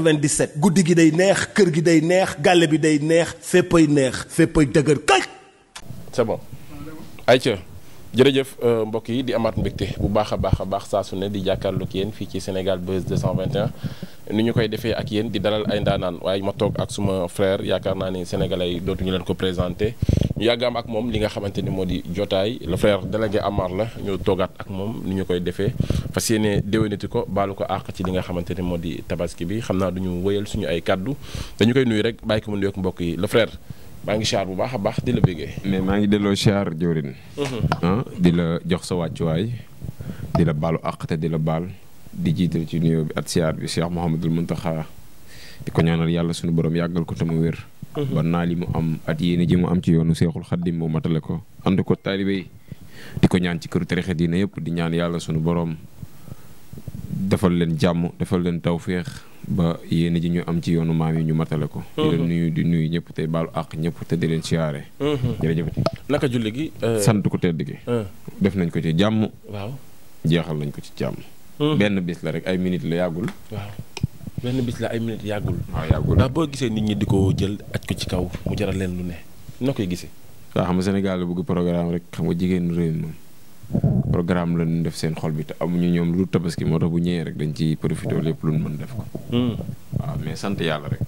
97 guddi gi day neex kër gi day neex gàlle bi day neex ay neex féppay dëgër kay c'est jërëjëf euh, mbokk yi di amaat mbégte bu baax a baax a baax saa su ne di jàkkaarloo ak yéen fii ci Sénégal Buzz 221 ni ñu koy defee ak yéen di dalal ay ndaanaan waaye ma toog ak suma frère yaakaar naa ne sénégalais yi dootuñu leen ko présenté ñu yàgg am ak moom li nga xamante ni moo di jotaay le frère délégué Amar la ñu toogaat ak moom nu ñu koy defee fas yéene déwénati ko baalu ko àq ci li nga xamante ni moo di tabaski bi xam naa duñu wëyal suñu ay kàddu dañu koy nuyu rek bàyyi ko mu nuyoog mbokk yi le frère maa ngi siyaar bu baax a baax di la bëggee. mais maa ngi delloo siyaar Diorin. Mm-hmm. Ah, di la jox sa wàccuwaay di la baalu àq te di la baal di jiital ci nuyoo bi at siyaar bi Cheikh Mouhamadul Mountakha di ko ñaanal yàlla suñu borom yàggal ko te mu wér. Mm-hmm. naa li mu am at yéene ji mu am ci yoonu Seexul Xaddim mu matale ko ànd ko taalibe yi di ko ñaan ci këru tarixe diine yëpp di ñaan yàlla sunu borom defal leen jàmm defal leen tawféex. ba yéen ji ñu am ci yoonu maam yi ñu matale ko. di mhm. nuyu di nuyu ñëpp tey baalu àq ñëpp te di leen siyaare. Mhm. jërëjëf. naka julli gi. Euh, sant ko tedd gi. Mhm. def nañ ko ci jàmm. waaw jeexal nañ ko ci jàmm. benn bis la rek ay minutes la yàggul. waaw benn bis la ay minutes yàggul. waaw yàggul boo gisee nit ñi di ko jël aj ko ci kaw mu jaral leen lu ne noo koy gisee. waaw xam nga Sénégal la bëgg programme rek xam nga jigéenu réew moom programme la def seen xol bi te amuñu ñoom lu tabaski moo tax bu ñëwee rek dañ ci profité lépp lu ñu mën def ko. Hmm. sant yàlla rek.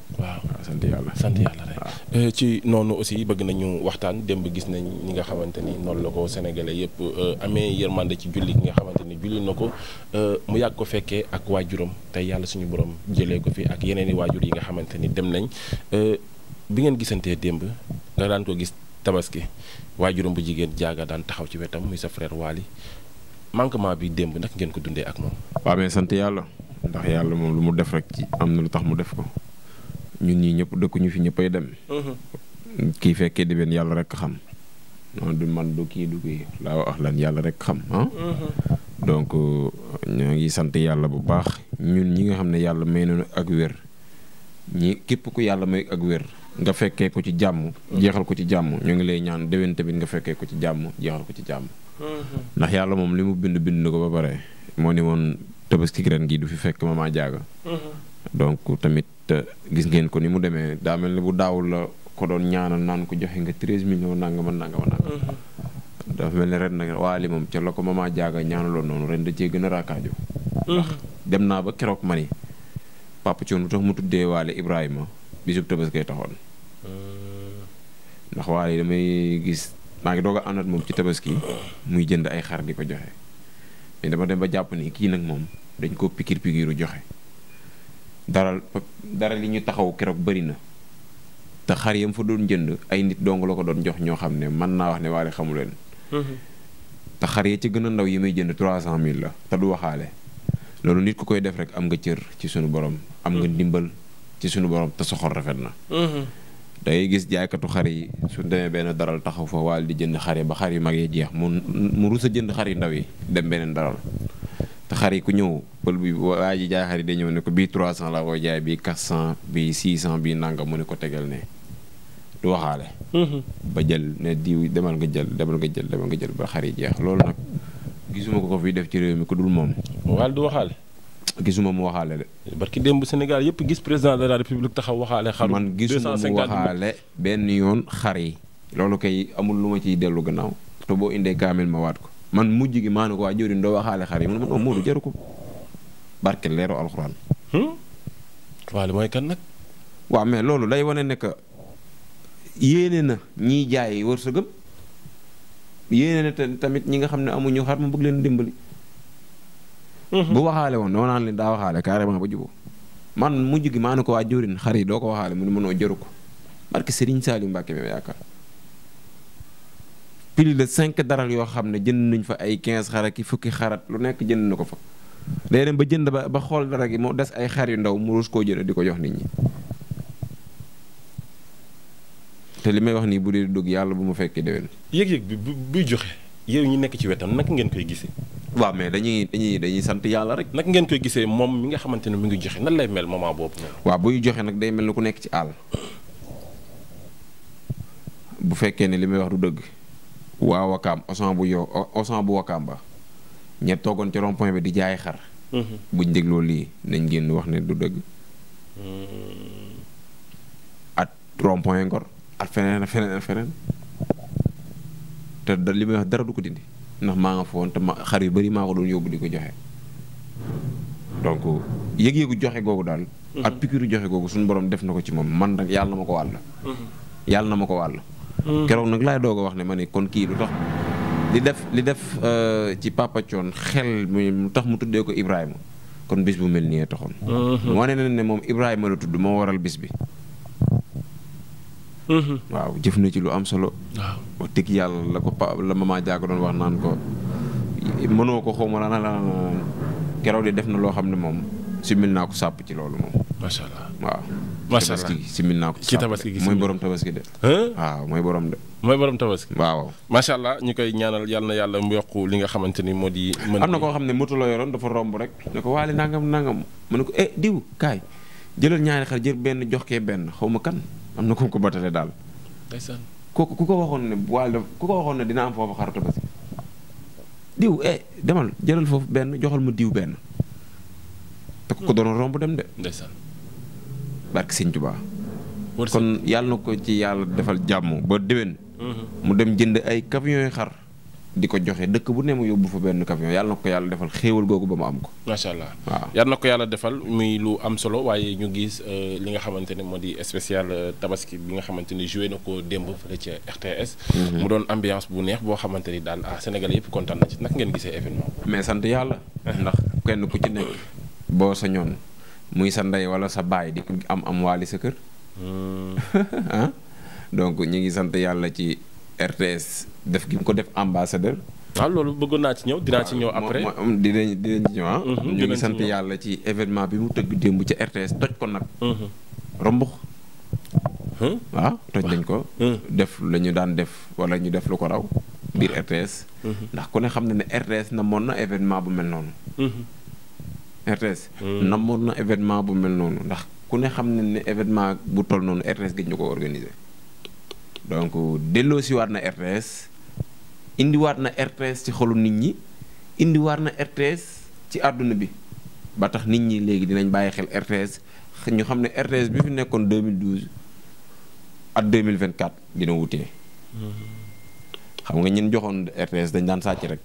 sant yàlla sant yàlla rek. Eh, ci noonu aussi bëgg nañu waxtaan démb gis nañ ñi nga xamante ni noonu la ko sénégalais yëpp eh, amee yërmande ci julli ki nga xamante ni julli na ko eh, mu yàgg ko fekkee ak waajuram tey yàlla suñu borom jëlee ko fi ak yeneen i waajur yi nga xamante ni dem nañ bi ngeen gisantee démb nga daan ko gis. tabaski waajuram bu jigéen jaaga daan taxaw ci wetam muy sa frère Waly manquement bi démb nag ngeen ko dundee ak moom. waaw amee sant yàlla ndax yàlla moom lu mu def rek ci am na lu tax mu def ko ñun ñii ñëpp dëkkuñu fi ñëppay dem. Mhm. kii fekkee di benn yàlla rek xam. non du man du kii du kii laa rek xam ah. Mhm. donc ngi sant yàlla bu baax ñun ñi nga xam ne yàlla may nañu ak wér ñi képp ku yàlla may ak wér. nga fekkee ko ci jàmm jeexal ko ci jàmm ñu ngi lay ñaan déwén tamit nga fekkee ko ci jàmm jeexal ko ci jàmm mm-hmm. ndax yàlla moom li mu bind bind na ko ba pare moo ni woon tabaski ren gi du fi fekk Mama Diaga mm-hmm. donc tamit euh, gis ngeen ko ni mu demee daa mel ni bu daawul la ko doon ñaanal naan joxe nga 13 millions nangama nangama nangama mm-hmm. dafa mel ne ren nag waali moom ca la ko Mama Diaga ñaanaloon noonu ren da cee gën a raakaajo ndax dem naa ba keroog ma ni papa Thion lu tax mu tuddee waale Ibrahima bisub tabaski taxoon ndax waale damay gis maa ngi doog a àndaat moom ci tabaski muy jënd ay xar di ko joxe mais dama dem ba jàpp ni kii nag moom dañ ko pikir pikiru joxe dara dara ñu taxaw keroog bëri na te xar yam fa doon jënd ay nit dong la ko doon jox ñoo xam ne mën naa wax ne waale xamu leen. Mhm. te xar ya ci gën a ndaw yi may jënd trois cent mille la te du waxaale loolu nit ku koy def rek am nga cër ci sunu borom. am nga mhm. ndimbal ci sunu borom te soxor rafet na. Mhm. da ngay gis jaaykatu xar yi su demee benn daral taxaw fa waal di jënd xar yi ba xar yu mag yi jeex mu mu rus jënd xar yu ndaw yi dem beneen daral te xar yi ku ñëw pël bi waa ji jaay xar yi day ñëw ne ko bii 300 laa koy jaay bii 400 bii 600 bii nangam mu ne ko tegal ne du waxaale. Mm-hmm. ba jël ne diw demal nga jël demal nga jël demal nga jël ba xar yi jeex loolu nag gisuma ko ko fi def ci réew mi ku dul moom. waal du waxaale. gisuma mu waxaale de. barki démb Sénégal yëpp gis président de la république taxaw waxaale. xaru man gisuma mu waxaale benn yoon xar yi. loolu kay amul lu ma ciy dellu gannaaw. te boo indee kaamil ma waat ko man mujj gi maa ne ko waa jëriñ doo waxaale xar yi man man Modou jaru hmm? mais loolu day wane ne que yéene na ñiy jaay wërsëgam yéene na tamit ñi nga xam ne amuñu xar ma bëgg leen dimbali. bu waxaale woon dama naan leen daa waxaale carrément ba jubóo man mujj gi maa ne ko waa Diourine xar yi doo ko waxaale mu ni mënoo jëru ko barke Serigne Saliou Mbacke mi yaakaar plus de cinq daral yoo xam ne jënd nañ fa ay quinze xara ki fukki xarat lu nekk jënd na ko fa. day ba jënd ba ba xool dara gi mu des ay xar yu ndaw mu koo jënd di ko jox nit ñi te li may wax nii bu dee dugg yàlla bu ma fekkee déwén. yëg-yëg bi buy joxe yow nekk ci wetam naka ngeen koy gisee. waaw mais dañuy dañuy dañuy sant yàlla rek. nag ngeen koy gisee moom mi nga xamante ne mu ngi joxe nan lay mel moment boobu. waaw buy joxe nag day mel ni ku nekk ci àll bu fekkee ne li may wax du dëgg waa Wakaam osan bu yow osan bu Wakaam ba ñett toogoon ci rond-point bi di jaay xar. Mhm. buñ dégloo lii nañ génn wax ne du dëgg. Hmm. at rond-point Ngor at feneen feneen feneen te da li may wax dara du ko dindi. ndax maa nga fa te ma xar yu bëri maa ko doon yóbbu di ko joxe donc yëg-yëgu joxe googu daal. Mhm. ak pikiru joxe googu suñu borom def na ko ci moom man nag yàlla na ma ko wàll. Mhm. yàlla na ma ko wàll. Mhm. keroog nag laay doog a wax ne ma ne kon kii lu tax li def li def euh, ci Papa xel mu tax mu tuddee ko Ibrahima kon bis bu mel nii taxoon. wane na ne moom Ibrahima la tudd moo waral bis bi. Mhm. waaw jëf na ci lu am solo. waaw wax yàlla la ko pa la maman Diago doon wax naan ko mënoo ko xaw ma lan la keroog de def na loo xam ne moom simil naa ko sàpp ci loolu moom. macha allah waaw. macha allah tabaski simil naa ko ci tabaski gi mooy borom tabaski de. waaw mooy borom de. mooy borom tabaski. waaw macha ñu koy ñaanal yal yàlla mu yokk li nga xamante ni moo di. am na koo xam ne moto la yoroon dafa romb rek. ne ko waale nangam nangam mu ko eh diw kaay jëlal ñaari xar jël benn jox kee benn xaw ma kan. am na ku ko batale daal. ndeysaan kooku ku ko waxoon ne bu ku ko waxoon ne dina am foofu xaru tabaski diw eh demal jëlal foofu benn joxal mu diw benn. te ku ko hmm. doon romb dem de. ndeysaan. barke Sëñ kon yàlla na ko ci yàlla defal jàmm ba déwén. Hmm. mu dem jënd ay camion xar. di ko joxe dëkk bu ne mu yóbbu fa benn camion yàlla na ko yàlla defal xéewal googu ba mu am ko. macha allah waaw yàlla na ko yàlla defal muy lu am solo waaye ñu gis euh, li nga xamante ne moo di spécial euh, tabaski bi nga xamante ni joué na ko démb fële ca RTS. Mhm. mu doon ambiance bu neex boo xamante ni daal ah Sénégal yëpp kontaan na ci nag ngeen gisee événement. mais sant yàlla. Mhm. ndax kenn ku ci nekk boo sa sañoon muy sa ndey wala sa baay di am am waali sa kër. Hmm. Ah. donc ñu ngi sant yàlla ci RTS. def gi mu ko def ambassadeur. waaw ah, loolu bëggoon naa ci ñëw dinaa ci ñëw après dinañ dinañ ci ñëw ah. Mhm, ñu ngi sant yàlla ci événement bi mu tëgg démb ca RTS toj ko nag. Mhm. rombux. waaw ah, toj nañ ko. def la ñu daan def wala ñu def lu ko raw. biir RTS. Mhm. ndax ku ne xam na ne RTS moon na événement bu mel noonu. RTS. namoon na événement bu mel noonu ndax ku ne xam na ne événement bu toll noonu RTS gëj ñu ko organiser donc delloosiwaat na RTS. indiwaat na RTS ci xolu nit ñi indiwaat na RTS ci àdduna bi ba tax nit ñi léegi dinañ bàyyi xel RTS ñu xam ne RTS bi fi nekkoon 2012 ak 2024 dina wutee xam nga ñun joxoon RTS dañ daan sàcc rek.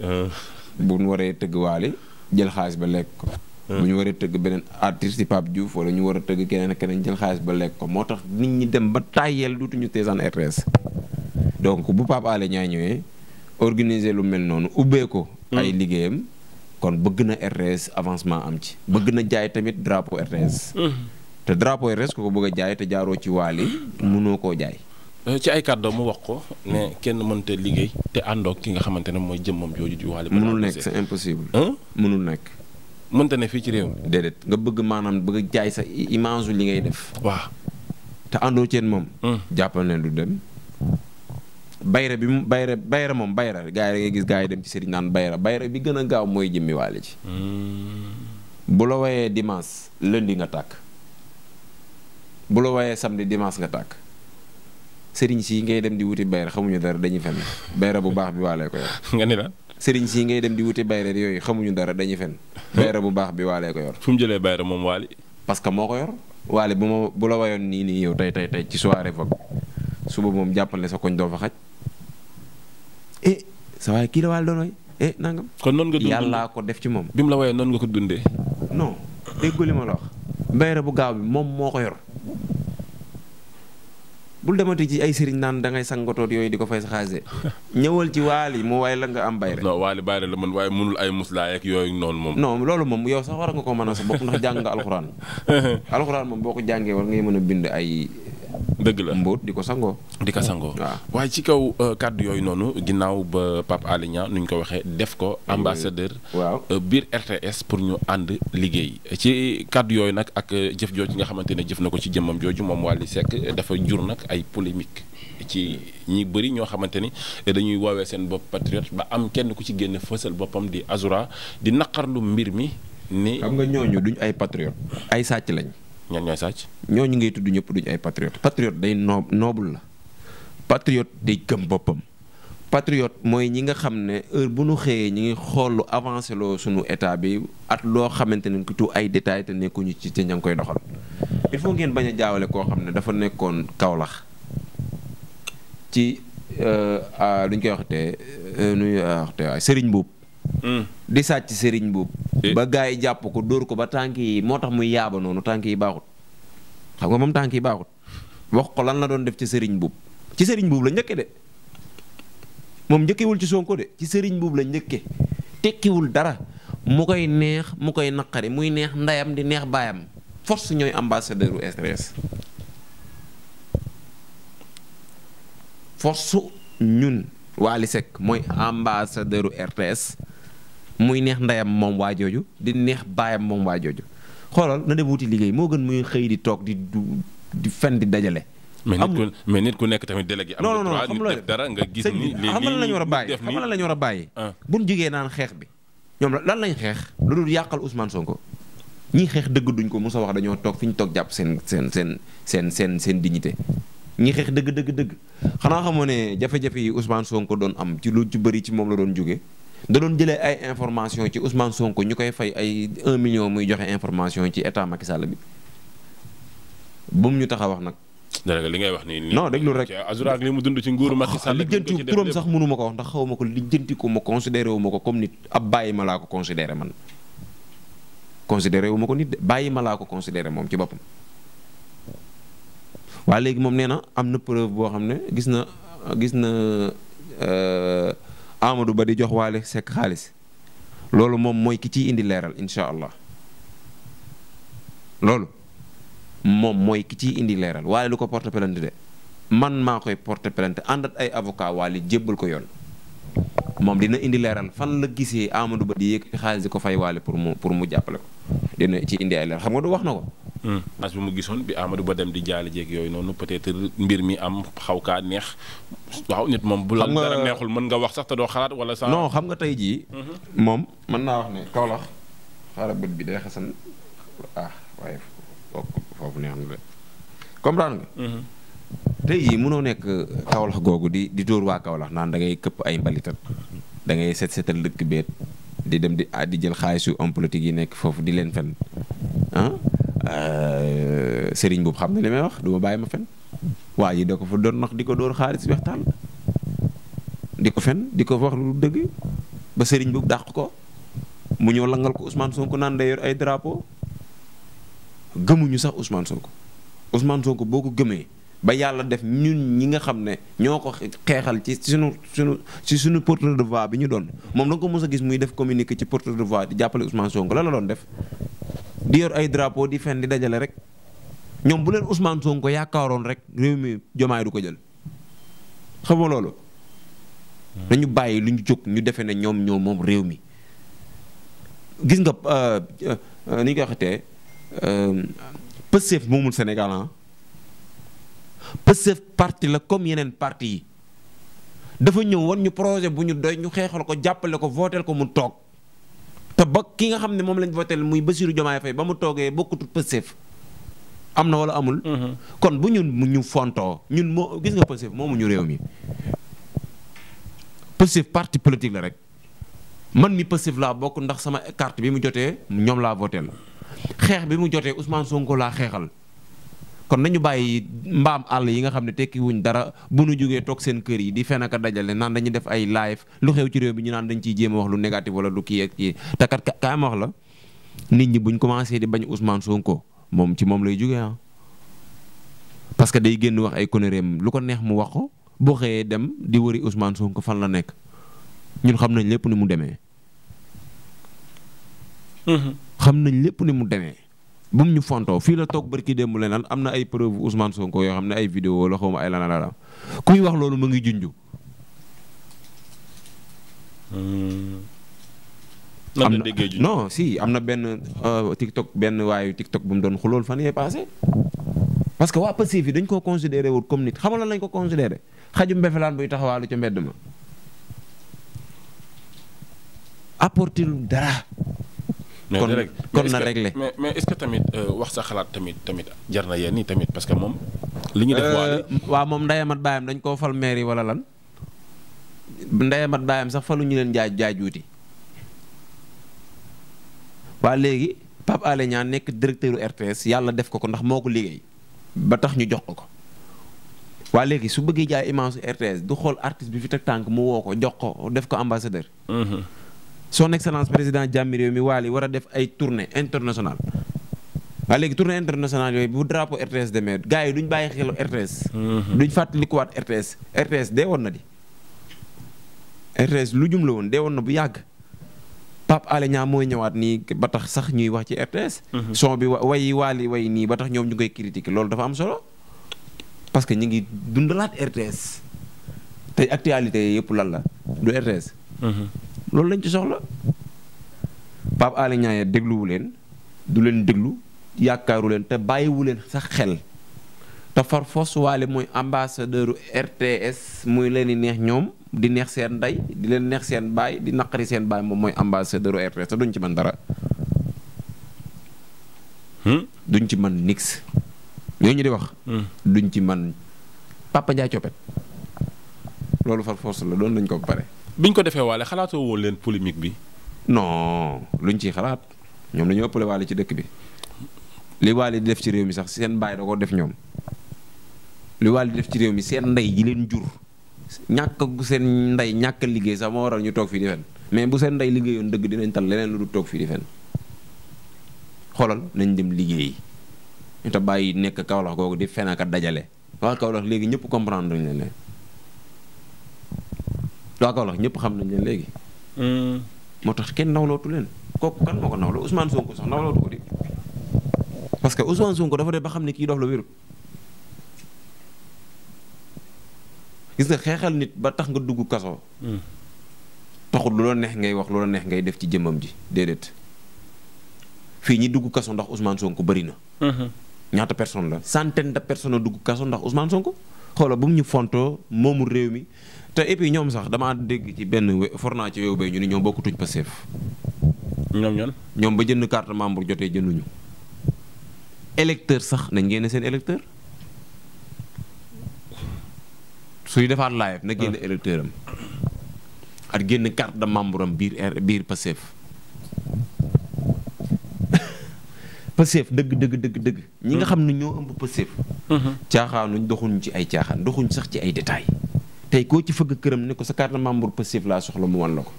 Euh. bu ñu waree tëgg waale jël xaalis ba lekk ko. Euh. bu ñu waree tëgg beneen artiste Pape Diouf wala ñu war a tëgg keneen ak keneen jël xaalis ba lekk ko moo tax nit ñi dem ba tàyyeel duutuñu teesaan RTS. donc bu paapale Alé Niang ñëwee organiser lu mel noonu ubbee ko. Mm. ay liggéeyam kon bëgg na RTS avancement am ci. bëgg na jaay tamit drapeau RTS. Mm. te drapeau RTS ku ko bëgg jaay te jaaroo ci waali munoo koo jaay. Euh, ci ay kàddoom mu wax ko ne kenn mënta liggéey te àndoo ki nga xamante ne mooy jëmmam jooju ci waali. mënul nekk sa impossible. mënul nekk. mënta ne fii ci réew mi. déedéet nga bëgg maanaam bëgg jaay sa image li ngay def. waaw te àndoo ceen moom. Mm. jàppal ne du dem. bayra bi mu bayra bayra moom bayra gaa yi gis gaa yi dem ci sëriñ naan bayra bayra bi gën a gaaw mooy jëmmi waale ci hmm. bu la wayee dimanche lundi nga tàkk bu la wayee samedi dimanche nga tàkk sëriñ si ngay dem di wuti bayra xamuñu dara dañuy fen bayra bu baax bi waalee ko yor. nga ni la. sëriñ si ngay dem di wuti bayra yooyu xamuñu dara dañuy fen bayra bu baax bi waalee ko yor. fu mu jëlee bayra moom waali. parce que moo ko yor waale bu ma bu la wayoon nii nii yow tey tey tey ci soirée foofu suba moom jàppale sa koñ doo fa xaj. eh sa waay kii la waal doon way eh nangam. kon noonu nga dund yàllaa ko def ci moom. bi mu la woyee noonu nga ko dundee. no déggu li ma la wax. mbayra bu gaaw bi moom moo ko yor. bul demati ci ay naan da ngay sangotoot yooyu di ko fay sa xaalis ñëwal ci waali mu way la nga am bayre non waali bayre la man waaye mënul ay muslaa ak yooyu noon moom non loolu moom yow sax war nga ko mën a sa bopp ndax jàng nga alxuraan alxuraan moom boo ko jàngee war ngay mën a bind ay dëgg la mbóot di ko sangoo. di ko sangoo waaye ci kaw euh, kàddu yooyu noonu ginnaaw ba Pape Alé nu ñu ko waxee def ko ambassadeur. waaw euh, biir RTS pour ñu ànd liggéey ci kàddu yooyu nag ak euh, jëf jooju nga xamante ne jëf na ko ci jëmmam jooju moom Wally Seck dafa jur nag ay polémique ci ñi bëri ñoo xamante ni dañuy woowee seen bopp patriote ba am kenn ku ci génn fësal boppam di Azura di naqarlu mbir mi ni. xam nga ñooñu duñ ay patriote ay sàcc lañ. ñan ñooy sàcc. ñooñu ngay tudd ñëpp duñu ay patriote patriote day no noobul la patriote day gëm boppam. patriote mooy ñi nga xam ne heure bu nu xëyee ñi ngi xool lu avancé loo suñu état bi at loo xamante ne ku tu ay détails te nekkuñu ci te ña ngi koy doxal il faut ngeen bañ a jaawale koo xam ne dafa nekkoon Kaolack ci euh, lu ñu koy waxatee euh, nu ñuy waxatee waaye Serigne Mbuub hmm. di sàcc Serigne Mbuub Eh. ba gars yi jàpp ko dóor ko ba tànk yi moo tax muy yaaba noonu tànk yi baaxut xam nga moom tànk yi baaxut wax ko lan la doon def ci sëriñ buub ci sëriñ buub la njëkke de moom njëkkewul ci Sonko de ci sëriñ buub la njëkke tekkiwul dara mu koy neex mu koy naqari muy neex ndayam di neex baayam force ñooy ambassadeur u RTS force ñun Wally Seck mooy ambassadeur u muy neex ndeyam moom waa jooju di neex baayam moom waa jooju xoolal na dem wuti liggéey moo gën muy xëy di toog di di fen di dajale. amul mais nit ku nekk tamit délégué. am na droit nit def dara nga gis ni. lii xam lan la a bàyyi xam lan la ñu war a bàyyi. Ah. bu ñu jugee naan xeex bi ñoom lan lañ xeex. lu dul yàqal Ousmane Sonko ñii xeex dëgg duñ ko Moussa wax dañoo toog fi ñu toog jàpp seen seen seen seen seen seen dignité ñii dëgg dëgg xanaa xamoo ne jafe-jafe yi Ousmane Sonko doon am ci lu ci bëri ci moom la doon jóge da doon jëlee ay information ci Ousmane Sonko ñu koy fay ay 1 million muy joxe information ci état Macky Sall bi bu mu ñu tax wax nag. dëgg li ngay wax nii. non déglu rek Azura li mu dund ci nguuru Macky Sall. lijjanti turam sax mënu ma ko wax ndax xaw ma ko lijjanti ko ma considéré wu ma ko nit ab bàyyi ma laa ko considéré man. wu ma ko nit bàyyi ma ko considéré moom ci boppam. waaye léegi moom nee na am na preuve boo xam ne gis na gis na. Euh, Amadou Ba di jox Waly Seck xaalis loolu moom mooy ki ciy indi leeral incha allah loolu moom mooy ki ciy indi leeral Waly lu ko porte plainte de man maa koy porte plainte ànd ay avocat Waly jébbal ko yoon moom dina indi leeral fan la gisee amadu Ba di yëkkati xaalis di ko fay Waly pour mu pour mu jàppale ko dina ci indi ay leeral xam nga du wax na ko. Hmm. as bi mu gisoon bi Amadou Ba dem di jaali jeeg yooyu noonu peut-être mbir mi am xaw kaa neex. waaw nit moom bu la dara neexul mën nga wax sax te doo xalaat wala. sa non xam nga tey jii. Hmm. moom mën naa wax ne Kaolack xaaral bët bi day xasan ah mënoo hmm. nekk Kaolack googu di di dóor waa kawlax naan dangay këpp ay mbalitat da ngay set dëkk beet di dem di di jël xaalisu homme politique yi nekk foofu di leen fen ah? Euh, sëriñ boobu xam ne li may wax du ma bàyyi ma fen waa ji da ko fa doon nax di ko dóor xaalis wextaan di ko fen di ko wax lu dëgg ba sëriñ boobu dàq ko mu ñëw langal ko Ousmane Sonko naan day yor ay drapeau gëmuñu sax Ousmane Sonko Ousmane Sonko boo ko gëmee ba yàlla def ñun ñi nga xam ne ñoo ko xeexal ci suñu suñu ci suñu porteur de voix bi ñu doon moom da ko mos a gis muy def communiqué ci porteur de voix di jàppale Ousmane Sonko la la doon def di yor ay drapeau di fen di dajale rek ñoom bu leen Ousmane Sonko yaakaaroon rek réew mi jomaay du ko jël xam nga loolu. dañu bàyyi lu ñu jóg ñu defee na ñoom ñoo moom réew mi. gis nga euh, euh, ni ñu koy waxatee euh, Pastef moomul Sénégal ah Pastef parti la comme yeneen parti yi dafa ñëw wan ñu projet bu ñu doy ñu xeexal ko jàppale ko vooteel ko mu toog. te ba ki nga xam ne moom lañ votel muy Bassirou Diomaye fay ba mu toogee bokkutut Pastef am na wala amul. Mhm. kon bu ñun ñu fontoo ñun moo gis nga Pastef moomu ñu réew mi Pastef parti politique la rek man mi Pastef laa bokk ndax sama carte bi mu jotee ñoom laa votel xeex bi mu jotee Ousmane Sonko laa xeexal. kon nañu bàyyi mbaam àll yi nga xam ne tekkiwuñ dara bu nu jógee toog seen kër yi di fen ak dajale naan dañuy def ay live lu xew ci réew bi ñu naan dañ ciy jéem a wax lu négatif wala lu kii ak kii te kat kaay ma wax la nit ñi buñ commencé di bañ Ousmane Sonko moom ci moom lay jógee ah. parce que day génn wax ay konereem lu ko neex mu wax ko boo xëyee dem di wëri Ousmane Sonko fan la nekk ñun xam nañ lépp ni mu demee. Mm-hmm. xam nañ lépp ni mu demee. bu mu ñu fontoo fii la toog barki démb leneen am na ay preuve Ousmane Sonko yoo xam ne ay vidéo la xaw ma ay la kuy wax loolu mu ngi junju hmm. am na non si am na benn euh, TikTok benn waayu TikTok bu mu doon xulool fan yee passé parce que waa Pastef yi dañ koo considéré wul comme nit xamal lañ ko considéré xaju mbefelaan buy taxawaalu ca mbedd ma apportil dara kon kon na réglé mais mais que tamit euh, wax sa xalaat tamit tamit jar na yéen nii tamit parce que moom. li ñu def euh, moom ndeyam ak dañ koo fal maire wala lan ndeyam ak baayam sax faluñu leen jaaj jaajuuti waa léegi Pape ñaa nekk directeur RTS yàlla def ko ko ndax moo ko liggéey ba tax ñu jox ko ko. waa léegi su bëggee jaay image RTS du xool artiste bi fi teg tànk mu woo ko jox ko def ko ambassadeur. Mhm. son excellence président jàmmi réew mi Waly war a def ay tournée internationale waaye léegi tournée internationale yooyu bu drapeau RTS demee gars yi duñ bàyyi xelu RTS. Mhm. duñ fàttalikuwaat RTS RTS dee woon na di. RTS lu jum woon dee woon na bu yàgg Pape ale Niang mooy ñëwaat nii ba tax sax ñuy wax ci RTS. Mhm. son bi way Waly way nii ba tax ñoom ñu koy critiquer loolu dafa am solo parce que ñu ngi dundalaat RTS tey actualité yëpp lan la du RTS. Mhm. loolu lañ ci soxla Pape Alé Niang dégluwu leen du leen déglu yaakaaru leen te bàyyiwu leen sax xel te far force waale mooy ambassadeur RTS muy leen di neex ñoom di neex seen ndey di leen neex seen baay di naqari seen baay moom mooy ambassadeur RTS te duñ ci mën dara. Hmm? duñ ci mën nix yooyu ñu di wax. Hmm. duñ ci man Papa Ndiaye Coppet loolu far force la doon nañ ko ba pare. biñ ko defee waale xalaatoo woon leen polémique bi. non ñu ciy xalaat ñoom dañoo ëppale waale ci dëkk bi li waale di def ci réew mi sax seen baay dakoo def ñoom li waale di def ci réew mi seen ndey ji leen jur ñàkk gu seen ndey ñàkk liggéey sax moo waral ñu toog fii di fen mais bu seen ndey liggéeyoon dëgg dinañ tal leneen lu du toog fii di fen xoolal nañ dem liggéeyi ñu te bàyyi nekk Kaolack kooku di fen dajale waa Kaolack léegi ñëpp comprendre nañ leen. waa Kaolack ñëpp xam nañ leen léegi. Hmm. moo tax kenn nawlootu leen kooku kan moo ko nawloo Ousmane Sonko sax nawlootu ko di parce que Ousmane Sonko dafa def ba xam ne kii dof la wérut gis nga xeexal nit ba tax nga dugg kaso. Hmm. taxul lu la neex ngay wax lu la neex ngay def ci jëmmam ji déedéet fii ñi dugg kaso ndax Ousmane Sonko bari na. Hmm. ñaata personne la centaine de personnes a dugg kaso ndax Ousmane Sonko. xoola bu mu ñu fontoo moomu réew mi te et puis ñoom sax damaa dégg ci benn for naa ci wew bay ñu ni ñoom bokkutuñ Pastef ñoom ñoom ñoom ba jënd carte membre jotee jënduñu électeur sax nañ génne seen électeur suy defaat live na génne ah. électeur am ak génn carte de membre am biir biir Pastef Pastef dëgg dëgg dëgg dëgg. ñi nga hmm. xam ne ñoo ëmb Pastef. Hmm. caaxaanuñ doxuñ ci ay caaxaan doxuñ sax ci ay détails. tey koo ci fëgg këram ne ko sa carte membre Pastef laa soxla mu wan la ko.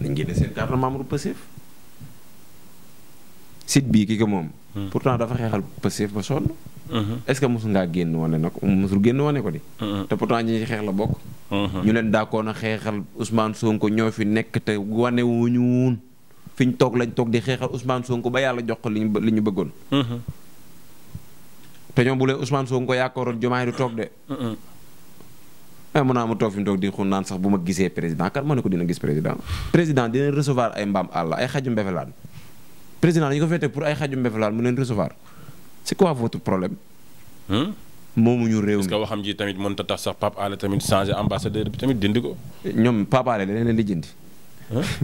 nañ génne seen membre Pastef. bii ki ko moom. Hmm. pourtant dafa xeexal Pastef ba sonn. ce que mos ngaa génn wane na ko mosul génn wane te pourtant ñi ci xeex la bokk. ñu leen daakoon a xeexal Ousmane Sonko ñoo fi nekk te wane wuñu woon fi ñu toog lañ toog di xeexal Ousmane Sonko ba yàlla jox ko li ñu li ñu bëggoon. Mm-hmm. te ñoom bu leen Ousmane Sonko yaakaaroon Diomaye du toog de. ah mun naa mu toog fi mu toog di xun naan sax bu ma gisee président kat ma ne ko dina gis président président dina recevoir ay mbaam àll ay xaju mbefelaan président dañu ko fete pour ay xaju mbefelaan mu leen recevoir c'est quoi votre problème. Hmm? moomuñu réew mi est-ce que waxam ji tamit mënta ta tax sax Pape Alé tamit changer ambassadeur bi tamit dindi ko. Eh, ñoom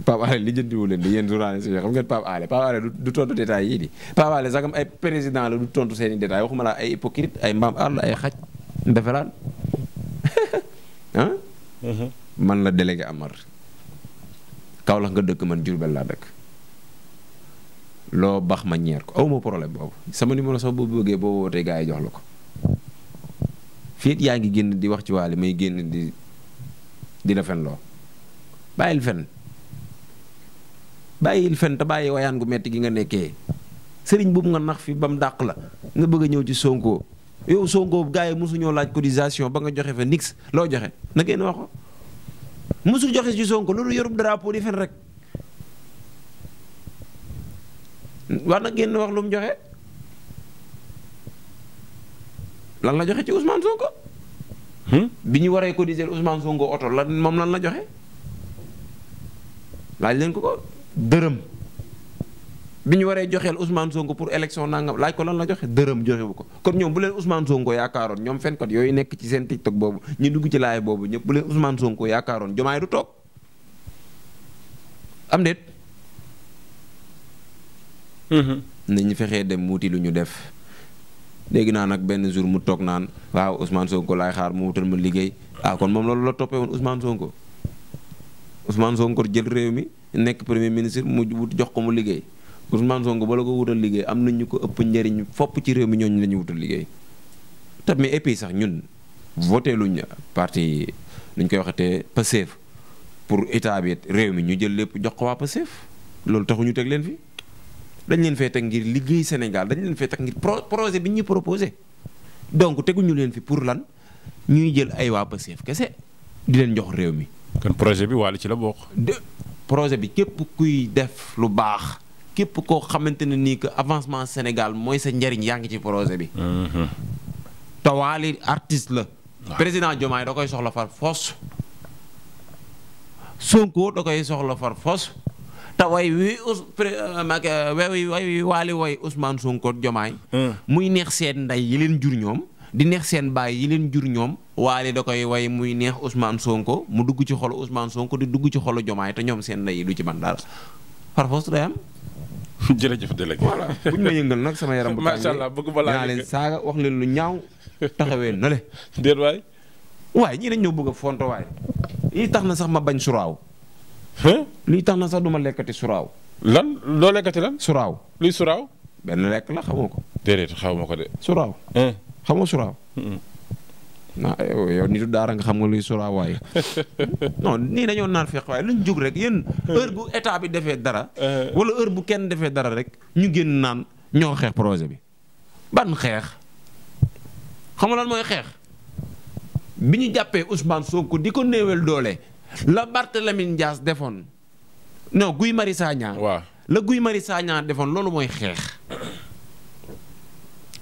Pape Alé lijjantiwu leen di yéen journaliste yi xam ngeen Pape Alé Pape Alé du tontu détails yii di Pape Alé ay président la du tontu seeni i détails waxuma laa ay hypocrite ay mbaam àll ay xaj ndeferaan mhm. man la délégué Amar lax nga dëkk man Diourbel laa dëkk loo baax ma ñeer ko awma problème boobu sama numéro sax boo bëggee boo wootee gars yi jox la ko fiit yaa ngi génn di wax ci waale may génn di di la fen loo bàyyil fen bàyyil fen te bàyyi wayaan gu metti gi nga nekkee sëriñ boobu nga nax fi ba mu dàq la nga bëgg a ñëw ci Sonko yow Sonko gaay yi mosuñoo laaj cotisation ba nga joxe fa nix loo joxe na ngeen wax ko mosu joxe ci Sonko loolu yorub drapeau di fen rek war na génn wax lu mu joxe lan la joxe ci Ousmane Sonko hmm? bi ñu waree cotiser Ousmane Sonko oto lan moom lan la joxe laaj leen ko ko dërëm bi ñu waree joxeel Ousmane Sonko pour élection nangam laaj ko lan la joxe dërëm joxewu ko kon ñoom bu leen Ousmane Sonko yaakaaroon ñoom fenkat yooyu nekk ci seen TikTok boobu ñu dugg ci laay boobu ñëpp bu leen Ousmane Sonko yaakaaroon jomaay du toog am mhm. dem wuti lu ñu def. dégg naa nag benn jour mu toog naan waaw Ousmane Sonko laay xaar mu wutal ma liggéey ah moom loolu la toppee woon Sonko Ousmane Sonko jël réew mi. nekk premier ministre mu wut jox ko mu liggéey Ousmane Sonko bala ko wutal liggéey am na ñu ko ëpp njëriñ fopp ci réew mi ñooñu la ñu wutal liggéey tamit et puis sax ñun voté luñ parti nuñ koy waxatee Pastef pour état bi réew mi ñu jël lépp jox ko waa Pastef loolu taxuñu teg leen fi dañ leen fee teg ngir liggéey Sénégal dañ leen fee teg ngir projet bi ñuy proposé donc teguñu leen fi pour lan ñuy jël ay waa Pastef kese di leen jox réew mi. kon projet bi wàll ci la bokk. projet bi képp kuy def lu baax képp koo xamante ne nii que avancement Sénégal mooy sa njariñ yaa ngi ci projet bi. Mhm. te Wally artiste la. président Diomaye da koy soxla far fos. Sonko da koy soxla far fos. te way wi us euh, euh, way wi Wally way Sonko Diomaye. Hmm. muy neex seet ndey yi leen jur ñoom. di neex seen baay yi leen jur ñoom waale da koy way muy neex Ousmane Sonko mu dugg ci xolu Ousmane Sonko di dugg ci xolu Jomaay te ñoom seen ndey yi du ci man daal parfois day am. jërëjëf délégué voilà buñ nag sama yaram bu tàngee bëgg balaa naa leen wax leen lu ñaaw taxawee na le. déet waaye ñii dañ ñoo bëgg a fonto waay lii tax na sax ma bañ suraaw. lii tax na sax du ma lekkati suraaw. lan loo lekkati lan. suraaw luy suraaw. benn lekk la xamoo ko. déedéet xaw ko de. suraaw. xam nga suraaw. ah yow daara nga xam nga luy suraaw waaye nii dañoo naan feex waaye luñ jug rek yéen eh. heure bu état bi defee dara. Eh. wala heure bu kenn defee dara rek ñu génn naan ñoo xeex projet bi. ban xeex xam nga lan mooy xeex bi ñu jàppee Ousmane Sonko di ko néewal doole la Barthélémy Dias defoon non Guy Marius Sagna. waaw la Guy Marius Sagna defoon loolu mooy xeex.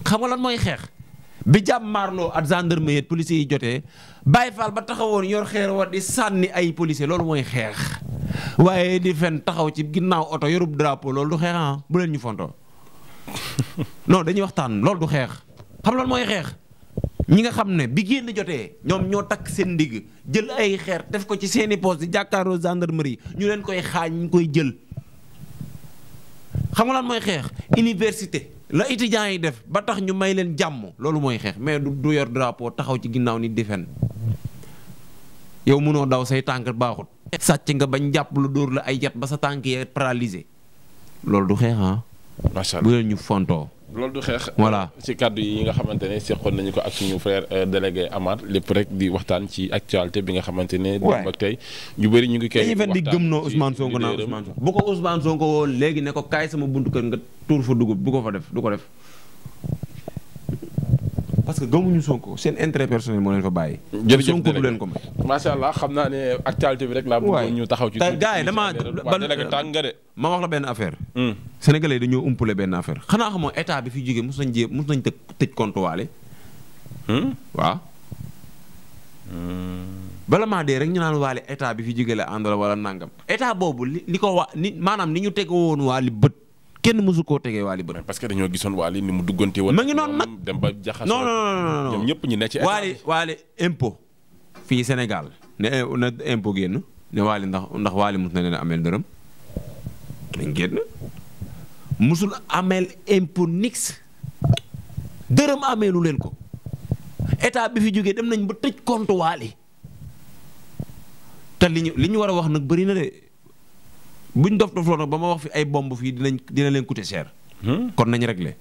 xam nga lan mooy xeex. bi jàmmaarloo ak gendarmerie ak policiers yi jotee bàyyi Fall ba taxawoon yor xeer wa di sànni ay policiers loolu mooy xeex waaye di fen taxaw ci ginnaaw oto yorub drapeau loolu du xeex ah, bu leen ñu fontoo non dañuy waxtaan loolu du xeex xam loolu mooy xeex ñi nga xam ne bi génn jotee ñoom ñoo takk seen ndigg jël ay xeer def ko ci seeni poste di jàkkaaroo gendarmerie ñu leen koy xaañ ñu koy jël xam nga lan mooy xeex université. la étudiants yi def ba tax ñu may leen jàmm loolu mooy xeex mais du du yor drapeau taxaw ci ginnaaw ni di fen yow mënoo daw say tànk baaxut. sàcc nga bañ jàpp lu dóor la ay yat ba sa tànk yee paralysé loolu du xeex ah. bu leen ñu fontoo. loolu du xeex. voilà ci kàddu yi nga xamante ne seqoon nañu ko ak suñu frère euh, délégué Amar lépp rek di waxtaan ci actualité bi nga xamante ne. waay ak tey ñu bëri ñu ngi. kay waxtaan dañuy di gëmnoo Ousmane Sonko naan Ousmane Sonko bu ko Ousmane Sonko woon léegi ne ko kaay sama buntu kër nga tuur fa dugub bu ko fa def du ko def. parce que gëmuñu Sonko seen intérêt personnel moo leen fa bàyyi. jërëjëf Sonko leen ko may. macha allah xam naa ne actualité bi rek laa bëggoon ñu taxaw ci. te gars yi damaa ma wax la benn affaire. Hmm. sénégalais dañoo umpule benn affaire xanaa xamoo état bi fi jógee mos nañ jé mos nañ të tëj compte waale. Hmm? waaw. Hmm. bala maa dee rek ñu naan waale état bi fi jógee la ànd la wala nangam état boobu li ko wa ni maanaam ni ñu teg woon waali bët. kenn mësu koo tegee Wally bët. parce que dañoo gisoon Wally ni mu duggante woon. ma ngi noonu nag dem ba jaxasoo. non non non ñoom ñëpp ñu ne ci. Wally Wally impôt fii Sénégal ne na impôt génn ne Wally ndax ndax Wally mos na leen ameel dërëm dañ génn musul ameel impôt nix dërëm ameelu leen ko état bi fi jógee dem nañ ba tëj compte Wally te li ñu li ñu war a wax nag bëri na de. buñ dof dof loo nag ba ma wax fi ay bomb fii dinañ dina leen coûter cher. Hmm? kon nañ réglé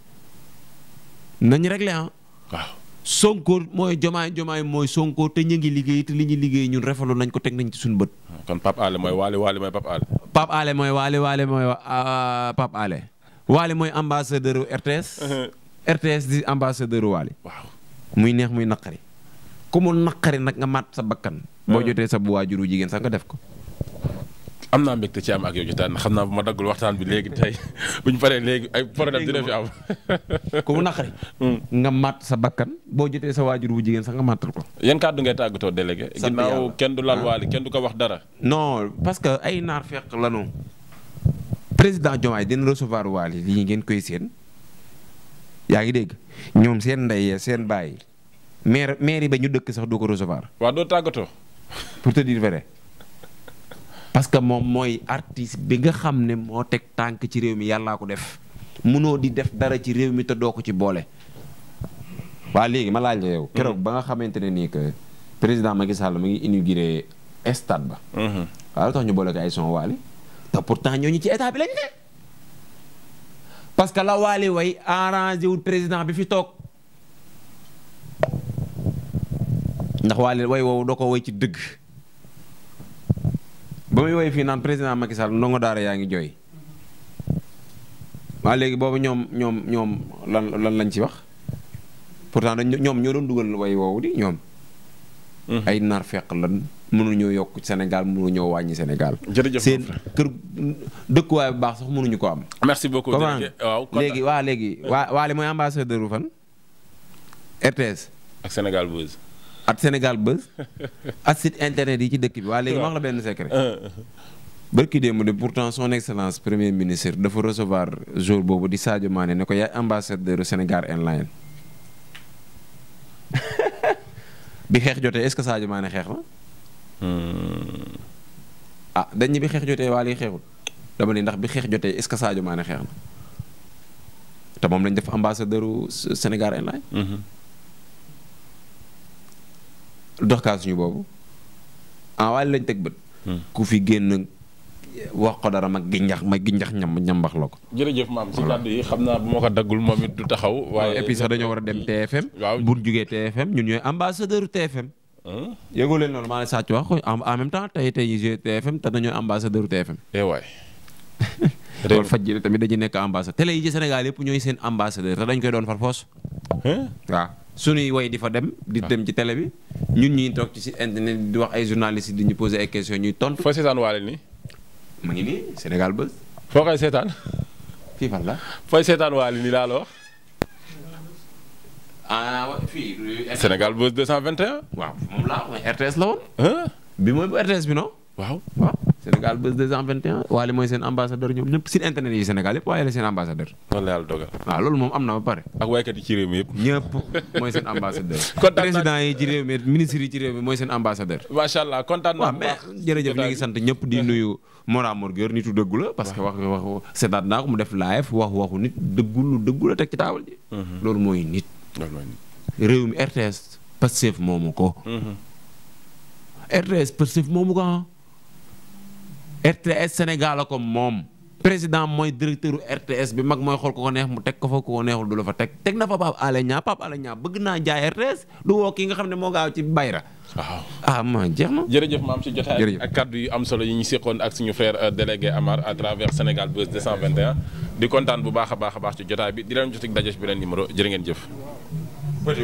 nañ réglé ah. waaw mooy jomaay jomaay mooy Sonko te ñu ngi liggéey li ñuy liggéey ñun refalu nañ ko teg nañ ci suñu bët. kon Pape mooy waale waale mooy Pape Alé. mooy waale waale mooy Pape Alé. waale ah, mooy ambassadeur RTS. Uh-huh. RTS di ambassadeur waale. waaw muy neex muy naqari. ku mu naqari nag nga maat sa bakkan. boo uh-huh. jotee sa bu waajuru jigéen sax nga def ko. am naa mbégte ci am ak yow jotaan xam naa bu ma daggul waxtaan bi léegi tey bu ñu paree léegi ay problème dina fi am. ku mu naqari. Hmm. nga màtt sa bakkan boo jotee sa waajur bu jigéen sax nga màttal ko. yan kàddu ngay tàggatoo délégué. sant ginnaaw kenn du laal ah. waali kenn du ko wax dara. non parce que ay naar fekk lanu président Diomaye dina recevoir waali lii ngeen koy seen yaa ngi dégg ñoom seen ndey seen baay maire maire yi ba ñu dëkk sax du ko recevoir. waa doo tàggatoo. pour te dire parce que moom mooy artiste bi nga xam ne moo teg tànk ci réew mi yàllaa ko def munoo di def dara ci réew mi te doo ko ci boole. waa léegi ma laaj la mm-hmm. keroog ba nga xamante ne nii que président Macky Sall mu ngi inauguré stade ba. Mm-hmm. tax ñu boole ko ay son waali te pourtant ñooñu ci état bi lañ ne. parce que la waali way arrangé président bi fi toog. ndax waali way wow doo ko way ci dëgg. ba muy woy fii naan président Macky Sall ndongo daara yaa ngi jooy waa léegi boobu ñoom ñoom ñoom lan lan lañ ci wax pourtant dañ ñoom ñoo doon dugal way wow di ñoom. Hmm. ay naar feq lan mënuñoo yokk Sénégal mënuñoo wàññi Sénégal. jërëjëf seen kër dëkkuwaay bu baax sox mënuñu ko am. merci beaucoup waaw léegi waa léegi waa waale mooy ambassadeur fan RTS. ak Sénégal Buzz. at Sénégal bës at site internet yi ci dëkk bi waa léegi ma wax la benn secret. Ah, ah. barki démb de pourtant son excellence premier ministre dafa recevoir jour boobu di Sadio maane ne ko yaay ambassadeur Sénégal online bi xeex jotee est-ce que Sadio Mané xeex na. Hmm. Ah, dañ bi xeex jotee waa lii xeexul dama ne ndax bi xeex jotee est-ce que Sadio Mané xeex na te moom lañ def ambassadeur Sénégal online. dox kaa suñu boobu en waale lañ teg ba hmm. ku fi génn wax ko dara ma ginjax ma ginjax ñam ñambax la ko. jërëjëf maam si kàddu yi xam naa bu ma ko daggul moom it du taxaw. waaye et dañoo war a dem TFM. Hmm. waaw bu ñu jugee TFM ñun ñooy ambassadeur TFM. Hmm? yëgul leen loolu maa ngi sàcc wax ko en même temps tey tey jii TFM te dañoo ambassadeur TFM. eh waay. loolu faj ji tamit nekk ambassadeur télé yi ci Sénégal yëpp ñooy seen ambassadeur te dañ koy doon farfoos. waaw. suñuy woy di fa dem di ah. dem ci télé bi ñun ñuy toog ci si internet di wax ay journalistes di ñu poser ay questions ñuy tontu. foo seetaan waale nii. ma ngi nii Sénégal Buzz. foo koy seetaan. fii fan la. fooy seetaan waale nii laa la wax. ah fii. Sénégal Buzz waaw moom laa wax RTS la woon. bi mooy bu RTS bi non. waaw. Sénégal Buzz 221 waale mooy seen ambassadeur ñoom ñëpp site internet yi Sénégal yëpp waaye la seen ambassadeur. loolu la yàlla dogal. waaw loolu moom am na ba pare. ak waykat yi ci réew mi yëpp. mooy seen ambassadeur. kontaan naa ko mu def live wax waxu nit dëggu lu dëggu la teg ci taabal ji. Mhm. loolu mooy nit. réew mi RTS Pastef moomu ko. Mhm. RTS Pastef moomu ko ah. RTS Sénégal la ko moom président mooy directeur RTS bi mag mooy xool ko ko neex mu teg ko fa ko ko neexul du la fa teg teg na fa Pape Alé Niang Pape Alé Niang bëgg naa jaay RTS du woo kii nga xam ne moo gaaw ci bayra waaw ah ma jeex na. jërëjëf maam si jotaay ak kaddu yu am solo yi ñu seqoon ak suñu frère euh, délégué Amar à travers Sénégal Buzz 221 di kontaan bu baax a baax a baax ci jotaay bi di leen jot ak daje bi leen numéro jërë ngeen jëf.